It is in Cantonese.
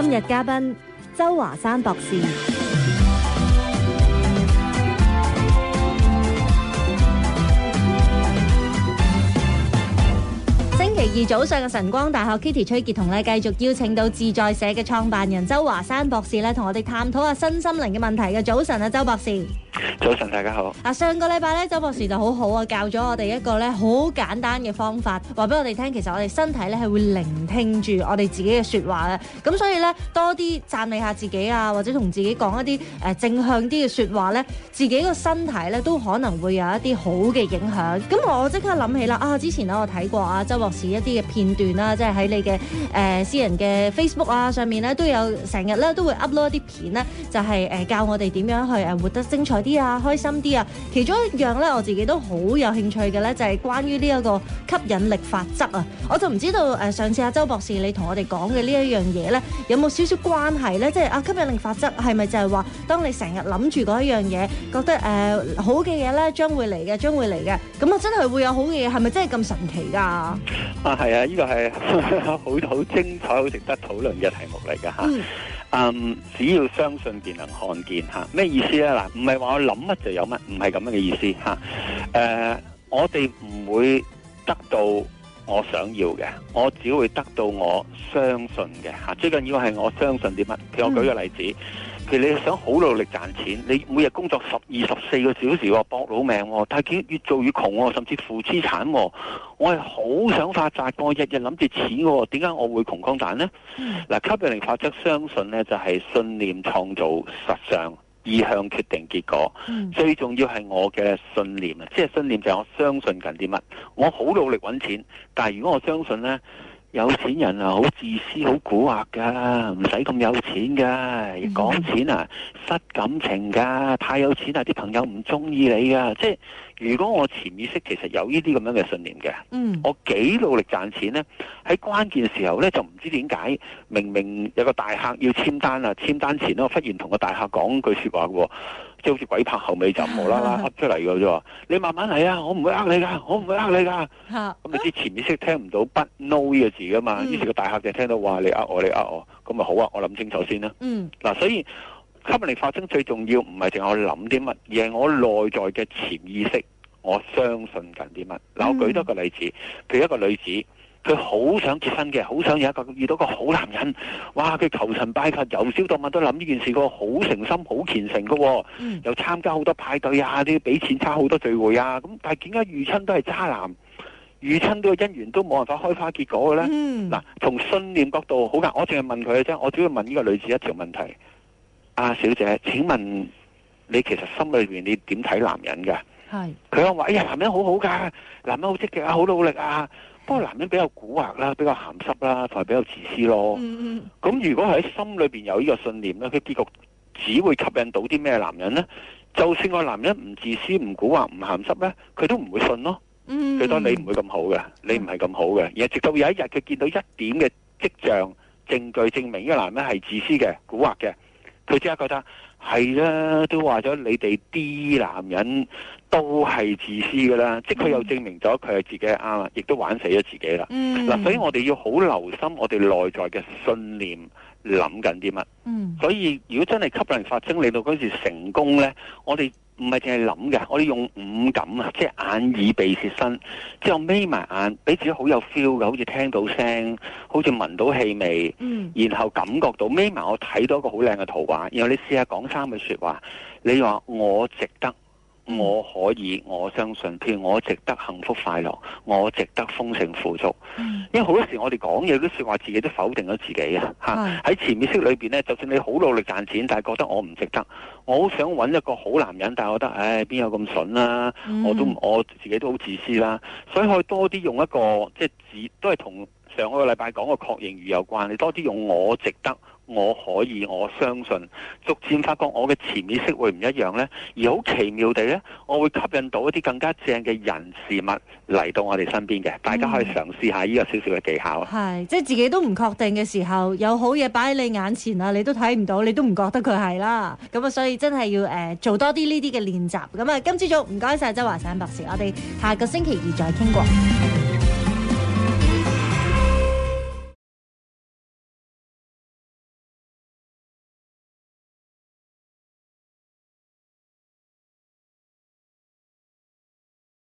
今日嘉賓周華山博士。 星期二早上嘅晨光大學，Kitty 崔杰同你繼續邀請到自在社嘅創辦人周華山博士咧，同我哋探討下新心靈嘅問題嘅。早晨啊，周博士。早晨，大家好。嗱，上個禮拜咧，周博士就好好啊，教咗我哋一個咧好簡單嘅方法，話俾我哋聽。其實我哋身體咧係會聆聽住我哋自己嘅說話嘅。咁所以咧，多啲讚美下自己啊，或者同自己講一啲誒正向啲嘅說話咧，自己個身體咧都可能會有一啲好嘅影響。咁我即刻諗起啦，啊，之前咧我睇過啊，周博士一啲嘅片段啦，即係喺你嘅誒、呃、私人嘅 Facebook 啊上面咧都有成日咧都會 upload 一啲片咧，就係、是、誒教我哋點樣去誒活得精彩一啲啊，開心啲啊！其中一樣咧，我自己都好有興趣嘅咧，就係關於呢一個吸引力法則啊！我就唔知道誒，上次阿周博士你同我哋講嘅呢一樣嘢咧，有冇少少關係咧？即係啊，吸引力法則係咪就係話，當你成日諗住嗰一樣嘢，覺得誒好嘅嘢咧，將會嚟嘅，將會嚟嘅，咁啊，真係會有好嘅嘢？係咪真係咁神奇噶？啊，係啊，呢個係好好精彩、好值得討論嘅題目嚟噶吓。嗯、um，只要相信便能看見嚇，咩意思咧？嗱，唔係話我諗乜就有乜，唔係咁樣嘅意思嚇、uh, 我哋唔會得到我想要嘅，我只會得到我相信嘅嚇。最緊要係我相信啲乜？譬如我舉個例子。嗯其實你想好努力賺錢，你每日工作十二十四個小時喎，搏老命喎，但係越做越窮喎，甚至負資產喎。我係好想發達，過日日諗住錢喎，點解我會窮光蛋呢？嗱、嗯，吸引力法則相信呢，就係信念創造實相，意向決定結果。嗯、最重要係我嘅信念啊，即係信念就係我相信緊啲乜。我好努力搵錢，但係如果我相信呢。有錢人啊，好自私，好蠱惑噶，唔使咁有錢噶，講錢啊，失感情噶，太有錢啊，啲朋友唔中意你噶。即係如果我潛意識其實有呢啲咁樣嘅信念嘅，我幾努力賺錢呢。喺關鍵時候呢，就唔知點解，明明有個大客要簽單啊，簽單前呢，我忽然同個大客講句說話喎。即係好似鬼拍後尾就無啦啦噏出嚟嘅啫， 你慢慢嚟啊！我唔會呃你噶， 我唔會呃你噶。咁 你知潛意識聽唔到 but no 呢個字噶嘛？於、嗯、是個大客就聽到話你呃我，你呃我，咁啊好啊，我諗清楚先啦。嗱、嗯啊，所以吸引力發生最重要唔係淨係我諗啲乜，而係我內在嘅潛意識我相信緊啲乜。嗱，我舉多個例子，譬、嗯、如一個女子。佢好想結婚嘅，好想有一個遇到一個好男人。哇！佢求神拜佛，由小到大都諗呢件事，個好誠心、好虔誠嘅。嗯。又參加好多派對啊，都要俾錢參加好多聚會啊。咁，但係點解遇親都係渣男，遇親都係姻緣都冇辦法開花結果嘅呢？嗱、嗯，從信念角度好噶，我淨係問佢啫。我主要問呢個女子一條問題。阿、啊、小姐，請問你其實心裏邊你點睇男人㗎？係。佢又話，哎呀，男人好好㗎，男人好積極啊，好努力啊。嗰個男人比較蠱惑啦，比較鹹濕啦，同埋比較自私咯。咁、mm -hmm. 如果喺心裏面有呢個信念咧，佢結局只會吸引到啲咩男人呢？就算個男人唔自私、唔蠱惑、唔鹹濕呢，佢都唔會信咯。佢覺得你唔會咁好嘅，你唔係咁好嘅。而係直到有一日佢見到一點嘅跡象、證據證明呢個男人係自私嘅、蠱惑嘅，佢即刻覺得。係啦，都話咗你哋啲男人都係自私噶啦、嗯，即係佢又證明咗佢係自己係啱，亦都玩死咗自己啦。嗱，嗯，所以我哋要好留心我哋內在嘅信念，諗緊啲乜？所以如果真係吸引發生，你到嗰時成功咧，我哋。唔係淨係諗嘅，我哋用五感啊，即係眼、耳、鼻、舌、身，之後眯埋眼，俾自己好有 feel 嘅，好似聽到聲，好似聞到氣味、嗯，然後感覺到眯埋我睇到一個好靚嘅圖畫，然後你試下講三句說話，你話我值得。我可以，我相信，譬如我值得幸福快樂，我值得豐盛富足。嗯、因為好多時我哋講嘢啲說話，自己都否定咗自己啊！吓喺潛意識裏邊咧，就算你好努力賺錢，但係覺得我唔值得。我好想揾一個好男人，但係我覺得，唉、哎，邊有咁筍啦？我都我自己都好自私啦、啊，所以可以多啲用一個即係自，都係同。上個禮拜講嘅確認語有關，你多啲用我值得，我可以，我相信，逐漸發覺我嘅潛意識會唔一樣呢。而好奇妙地呢，我會吸引到一啲更加正嘅人事物嚟到我哋身邊嘅，大家可以嘗試下呢個少少嘅技巧。係、嗯，即係自己都唔確定嘅時候，有好嘢擺喺你眼前啦，你都睇唔到，你都唔覺得佢係啦。咁啊，所以真係要誒、呃、做多啲呢啲嘅練習。咁啊，今朝早唔該晒，周華省博士，我哋下個星期二再傾過。